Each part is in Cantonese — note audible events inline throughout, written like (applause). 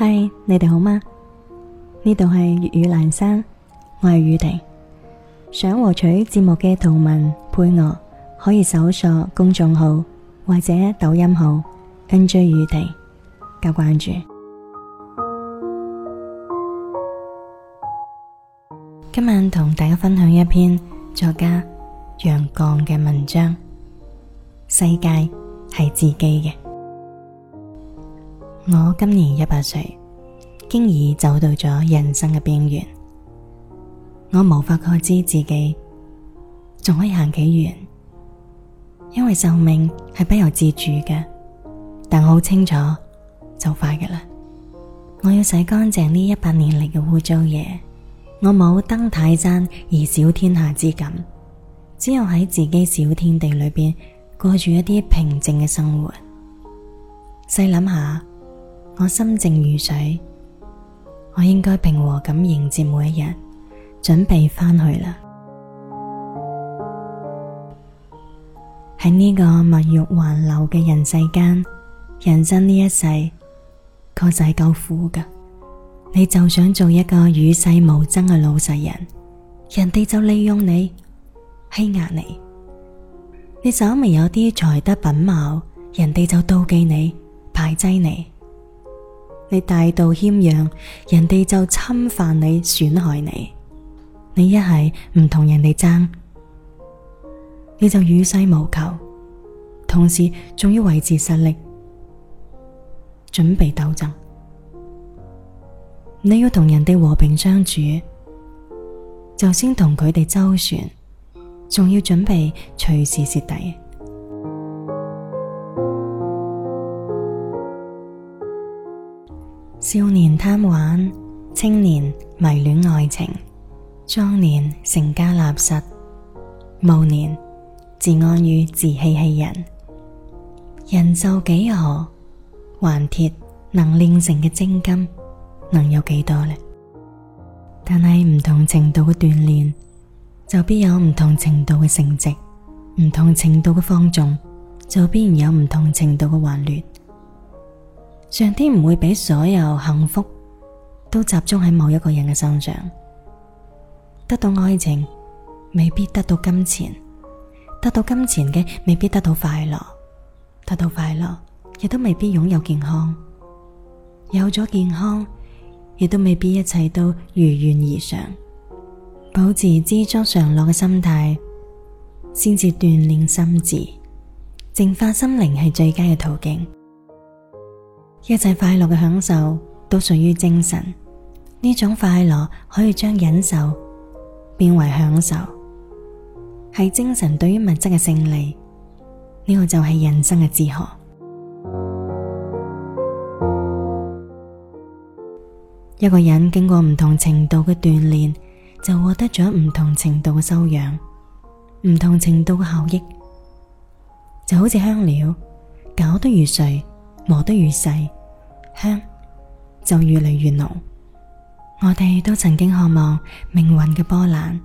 嗨，Hi，你哋好嗎？呢度係粵語蘭山，我係宇婷。想獲取節目嘅圖文配樂，可以搜索公眾號或者抖音號 NJ 宇婷加關注。今晚同大家分享一篇作家楊絳嘅文章，《世界係自己嘅》。我今年一百歲，經已走到咗人生嘅邊緣，我無法確知自己仲可以行幾遠，因為壽命係不由自主嘅，但我好清楚就快嘅啦。我要洗乾淨呢一百年嚟嘅污糟嘢，我冇登泰山而小天下之感，只有喺自己小天地裏邊過住一啲平靜嘅生活。細諗下。我心靜如水，我應該平和咁迎接每一日，準備翻去啦。喺呢 (music) 個物欲橫流嘅人世間，人生呢一世，確實係夠苦㗎。你就想做一個與世無爭嘅老實人，人哋就利用你欺壓你；你稍微有啲才德品貌，人哋就妒忌你排擠你。你大度謙讓，人哋就侵犯你、損害你。你一係唔同人哋爭，你就與世無求，同時仲要維持實力，準備鬥爭。你要同人哋和平相處，就先同佢哋周旋，仲要準備隨時蝕底。少年貪玩，青年迷戀愛情，壯年成家立室，暮年自安於自欺欺人。人壽幾何？頑鐵能煉成嘅精金，能有幾多呢？但係唔同程度嘅鍛煉，就必有唔同程度嘅成績；唔同程度嘅放縱，就必然有唔同程度嘅頑劣。上天唔會俾所有幸福都集中喺某一個人嘅身上，得到愛情未必得到金錢，得到金錢嘅未必得到快樂，得到快樂亦都未必擁有健康，有咗健康亦都未必一切都如願以償。保持知足常樂嘅心態，先至鍛煉心智，淨化心靈係最佳嘅途徑。一切快樂嘅享受都屬於精神，呢種快樂可以將忍受變為享受，係精神對於物質嘅勝利。呢、這個就係人生嘅哲學。 (music) 一個人經過唔同程度嘅鍛煉，就獲得咗唔同程度嘅修養，唔同程度嘅效益，就好似香料，搞得愈碎。磨得越細，香就越嚟越濃。我哋都曾經渴望命運嘅波瀾，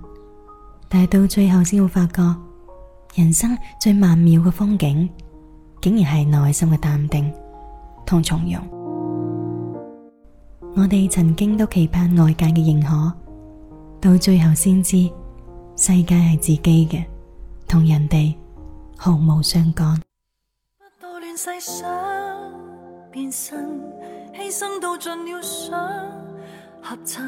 但係到最後先會發覺，人生最曼妙嘅風景，竟然係內心嘅淡定同從容。我哋曾經都期盼外界嘅認可，到最後先知，世界係自己嘅，同人哋毫無相干。細想，變身，犧牲到盡了想合襯。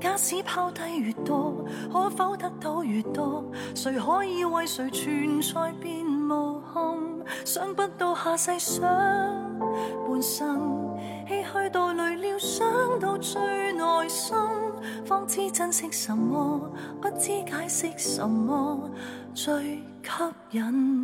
假使拋低越多，可否得到越多？誰可以為誰存在變無憾？想不到下世想半生，唏噓到累了想到最內心，方知珍惜什麼，不知解釋什麼最吸引。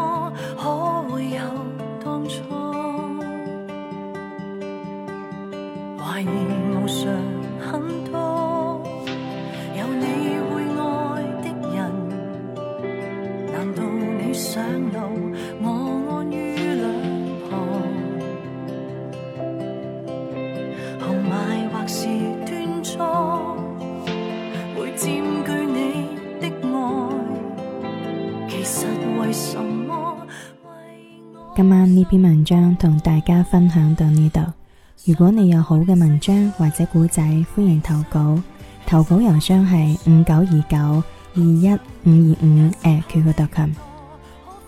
今晚呢篇文章同大家分享到呢度。如果你有好嘅文章或者故仔，歡迎投稿。投稿郵箱係五九二九二一五二五 @qq.com。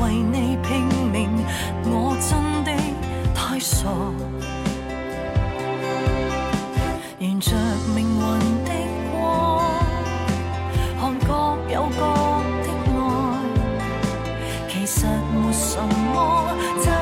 為你拼命，我真的太傻。沿着命運的光，看各有各的愛，其實沒什麼。真